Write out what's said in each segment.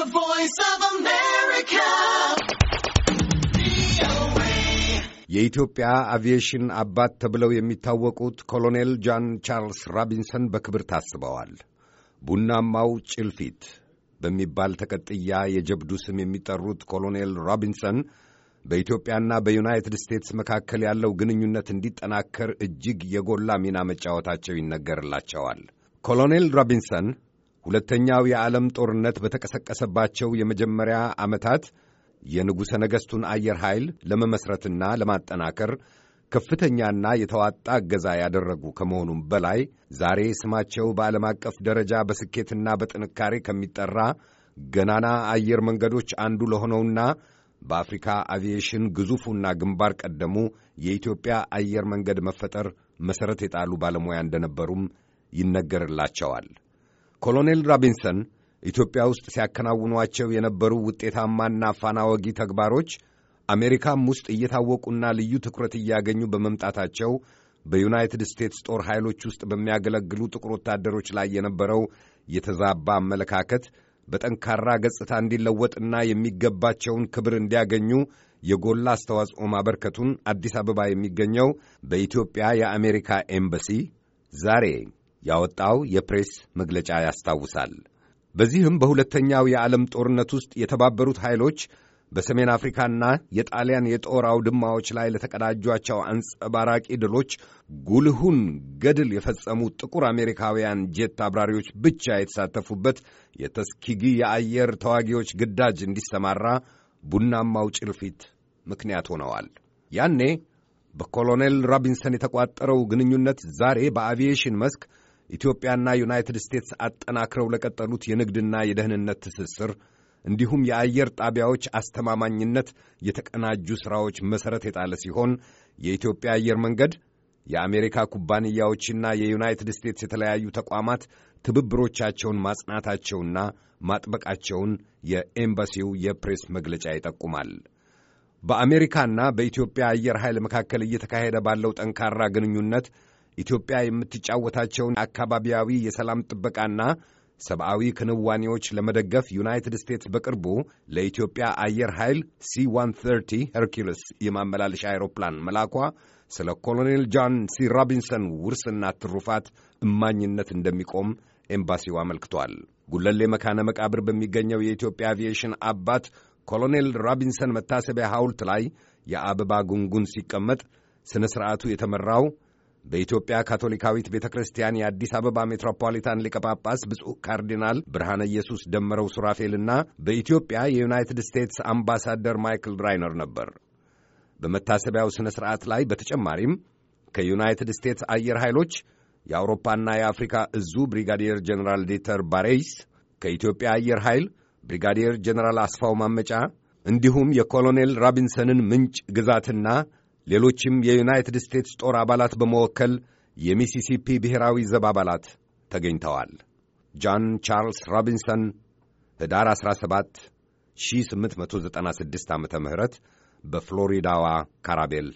The Voice of America. የኢትዮጵያ አቪዬሽን አባት ተብለው የሚታወቁት ኮሎኔል ጃን ቻርልስ ራቢንሰን በክብር ታስበዋል። ቡናማው ጭልፊት በሚባል ተቀጥያ የጀብዱ ስም የሚጠሩት ኮሎኔል ሮቢንሰን በኢትዮጵያና በዩናይትድ ስቴትስ መካከል ያለው ግንኙነት እንዲጠናከር እጅግ የጎላ ሚና መጫወታቸው ይነገርላቸዋል። ኮሎኔል ሮቢንሰን ሁለተኛው የዓለም ጦርነት በተቀሰቀሰባቸው የመጀመሪያ ዓመታት የንጉሠ ነገሥቱን አየር ኃይል ለመመሥረትና ለማጠናከር ከፍተኛና የተዋጣ እገዛ ያደረጉ ከመሆኑም በላይ ዛሬ ስማቸው በዓለም አቀፍ ደረጃ በስኬትና በጥንካሬ ከሚጠራ ገናና አየር መንገዶች አንዱ ለሆነውና በአፍሪካ አቪዬሽን ግዙፉና ግንባር ቀደሙ የኢትዮጵያ አየር መንገድ መፈጠር መሠረት የጣሉ ባለሙያ እንደነበሩም ይነገርላቸዋል። ኮሎኔል ሮቢንሰን ኢትዮጵያ ውስጥ ሲያከናውኗቸው የነበሩ ውጤታማና ፋናወጊ ተግባሮች አሜሪካም ውስጥ እየታወቁና ልዩ ትኩረት እያገኙ በመምጣታቸው በዩናይትድ ስቴትስ ጦር ኃይሎች ውስጥ በሚያገለግሉ ጥቁር ወታደሮች ላይ የነበረው የተዛባ አመለካከት በጠንካራ ገጽታ እንዲለወጥና የሚገባቸውን ክብር እንዲያገኙ የጎላ አስተዋጽኦ ማበርከቱን አዲስ አበባ የሚገኘው በኢትዮጵያ የአሜሪካ ኤምባሲ ዛሬ ያወጣው የፕሬስ መግለጫ ያስታውሳል። በዚህም በሁለተኛው የዓለም ጦርነት ውስጥ የተባበሩት ኃይሎች በሰሜን አፍሪካና የጣሊያን የጦር አውድማዎች ላይ ለተቀዳጇቸው አንጸባራቂ ድሎች ጉልሁን ገድል የፈጸሙ ጥቁር አሜሪካውያን ጄት አብራሪዎች ብቻ የተሳተፉበት የተስኪጊ የአየር ተዋጊዎች ግዳጅ እንዲሰማራ ቡናማው ጭልፊት ምክንያት ሆነዋል። ያኔ በኮሎኔል ሮቢንሰን የተቋጠረው ግንኙነት ዛሬ በአቪዬሽን መስክ ኢትዮጵያና ዩናይትድ ስቴትስ አጠናክረው ለቀጠሉት የንግድና የደህንነት ትስስር እንዲሁም የአየር ጣቢያዎች አስተማማኝነት የተቀናጁ ሥራዎች መሠረት የጣለ ሲሆን የኢትዮጵያ አየር መንገድ የአሜሪካ ኩባንያዎችና የዩናይትድ ስቴትስ የተለያዩ ተቋማት ትብብሮቻቸውን ማጽናታቸውና ማጥበቃቸውን የኤምባሲው የፕሬስ መግለጫ ይጠቁማል። በአሜሪካና በኢትዮጵያ አየር ኃይል መካከል እየተካሄደ ባለው ጠንካራ ግንኙነት ኢትዮጵያ የምትጫወታቸውን አካባቢያዊ የሰላም ጥበቃና ሰብአዊ ክንዋኔዎች ለመደገፍ ዩናይትድ ስቴትስ በቅርቡ ለኢትዮጵያ አየር ኃይል ሲ 130 ሄርኪለስ የማመላለሻ አይሮፕላን መላኳ ስለ ኮሎኔል ጃን ሲ ሮቢንሰን ውርስና ትሩፋት እማኝነት እንደሚቆም ኤምባሲው አመልክቷል። ጉለሌ መካነ መቃብር በሚገኘው የኢትዮጵያ አቪዬሽን አባት ኮሎኔል ሮቢንሰን መታሰቢያ ሐውልት ላይ የአበባ ጉንጉን ሲቀመጥ ሥነ ሥርዓቱ የተመራው በኢትዮጵያ ካቶሊካዊት ቤተ ክርስቲያን የአዲስ አበባ ሜትሮፖሊታን ሊቀ ጳጳስ ብፁዕ ካርዲናል ብርሃነ ኢየሱስ ደመረው ሱራፌልና በኢትዮጵያ የዩናይትድ ስቴትስ አምባሳደር ማይክል ራይነር ነበር። በመታሰቢያው ሥነ ሥርዓት ላይ በተጨማሪም ከዩናይትድ ስቴትስ አየር ኃይሎች የአውሮፓና የአፍሪካ እዙ ብሪጋዲየር ጀኔራል ዲተር ባሬይስ፣ ከኢትዮጵያ አየር ኃይል ብሪጋዲየር ጀኔራል አስፋው ማመጫ እንዲሁም የኮሎኔል ራቢንሰንን ምንጭ ግዛትና ሌሎችም የዩናይትድ ስቴትስ ጦር አባላት በመወከል የሚሲሲፒ ብሔራዊ ዘብ አባላት ተገኝተዋል። ጃን ቻርልስ ሮቢንሰን ህዳር 17 1896 ዓ ም በፍሎሪዳዋ ካራቤል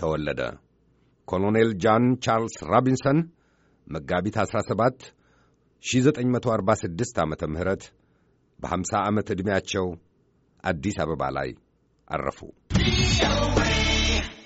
ተወለደ። ኮሎኔል ጃን ቻርልስ ሮቢንሰን መጋቢት 17 1946 ዓ ም በ50 ዓመት ዕድሜያቸው አዲስ አበባ ላይ አረፉ።